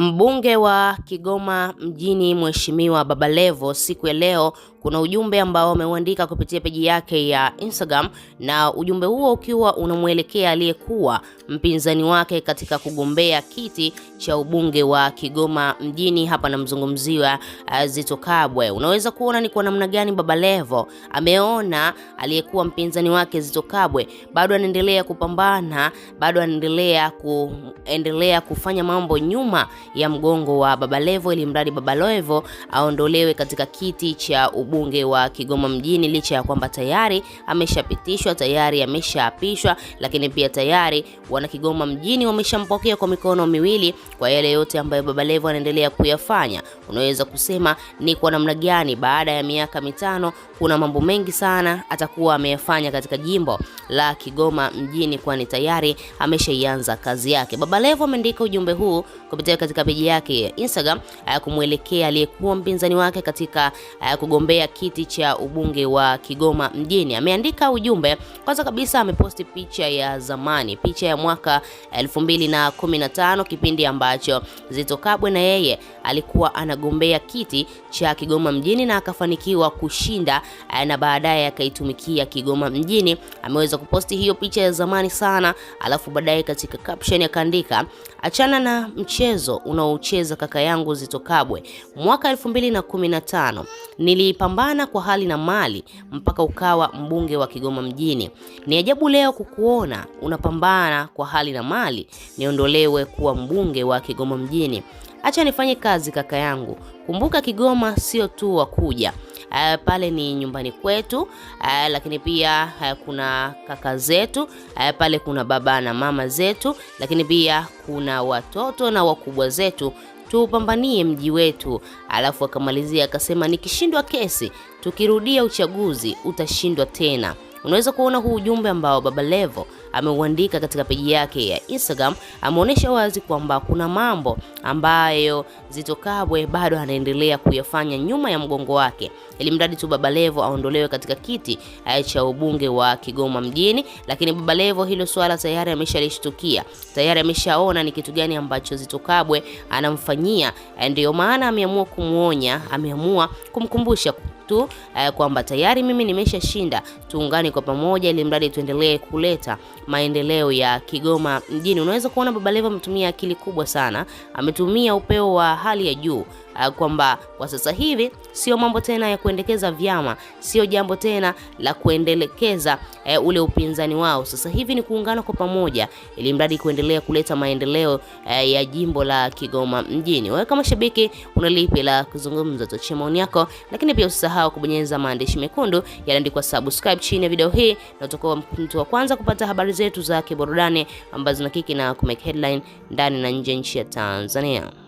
Mbunge wa Kigoma mjini Mheshimiwa babalevo siku ya leo kuna ujumbe ambao ameuandika kupitia peji yake ya Instagram, na ujumbe huo ukiwa unamwelekea aliyekuwa mpinzani wake katika kugombea kiti cha ubunge wa Kigoma mjini. Hapa namzungumziwa uh, Zito Kabwe. Unaweza kuona ni kwa namna gani Baba Levo ameona aliyekuwa mpinzani wake Zito Kabwe bado anaendelea kupambana, bado anaendelea kuendelea kufanya mambo nyuma ya mgongo wa Baba Levo, ili mradi Baba Levo aondolewe katika kiti cha ubunge ubunge wa Kigoma mjini, licha ya kwamba tayari ameshapitishwa, tayari ameshaapishwa, lakini pia tayari wana Kigoma mjini wameshampokea kwa mikono miwili kwa yale yote ambayo Baba Levo anaendelea kuyafanya. Unaweza kusema ni kwa namna gani baada ya miaka mitano kuna mambo mengi sana atakuwa ameyafanya katika jimbo la Kigoma mjini, kwani tayari ameshaianza kazi yake. Baba Levo ameandika ujumbe huu kupitia katika peji yake ya Instagram kumwelekea aliyekuwa mpinzani wake katika eh, kugombea mgombea kiti cha ubunge wa Kigoma mjini ameandika ujumbe. Kwanza kabisa ameposti picha ya zamani, picha ya mwaka 2015 kipindi ambacho Zito Kabwe na yeye alikuwa anagombea kiti cha Kigoma mjini na akafanikiwa kushinda eh, na baadaye akaitumikia Kigoma mjini. Ameweza kuposti hiyo picha ya zamani sana, alafu baadaye katika caption akaandika achana na mchezo unaocheza kaka yangu Zito Kabwe mwaka 2015 nilipa kupambana kwa hali na mali mpaka ukawa mbunge wa Kigoma mjini. Ni ajabu leo kukuona unapambana kwa hali na mali niondolewe kuwa mbunge wa Kigoma mjini. Acha nifanye kazi kaka yangu. Kumbuka Kigoma sio tu wakuja Uh, eh, pale ni nyumbani kwetu uh, lakini pia uh, kuna kaka zetu uh, pale kuna baba na mama zetu, lakini pia kuna watoto na wakubwa zetu tuupambanie mji wetu. Alafu akamalizia akasema, nikishindwa kesi tukirudia uchaguzi utashindwa tena. Unaweza kuona huu ujumbe ambao Baba Levo ameuandika katika peji yake ya Instagram, ameonyesha wazi kwamba kuna mambo ambayo zitokabwe Kabwe bado anaendelea kuyafanya nyuma ya mgongo wake, ili mradi tu Baba Levo aondolewe katika kiti eh, cha ubunge wa Kigoma mjini. Lakini Baba Levo hilo swala tayari ameshalishtukia, tayari ameshaona ni kitu gani ambacho zitokabwe Kabwe anamfanyia, eh, ndiyo maana ameamua kumwonya, ameamua kumkumbusha tu eh, kwamba tayari mimi nimeshashinda. Tuungane kwa pamoja, ili mradi tuendelee kuleta maendeleo ya Kigoma mjini. Unaweza kuona Baba Levo ametumia akili kubwa sana, ametumia upeo wa hali ya juu Ah, kwamba kwa sasa hivi sio mambo tena ya kuendekeza vyama, sio jambo tena la kuendelekeza e, ule upinzani wao. Sasa hivi ni kuungana kwa pamoja, ili mradi kuendelea kuleta maendeleo e, ya jimbo la Kigoma mjini. Wewe kama shabiki unalipi la kuzungumza? Tuachie maoni yako, lakini pia usisahau kubonyeza maandishi mekundu yanaandikwa subscribe chini ya video hii, na utakuwa mtu wa kwanza kupata habari zetu za kiburudani ambazo zinakiki na kumake headline ndani na nje nchi ya Tanzania.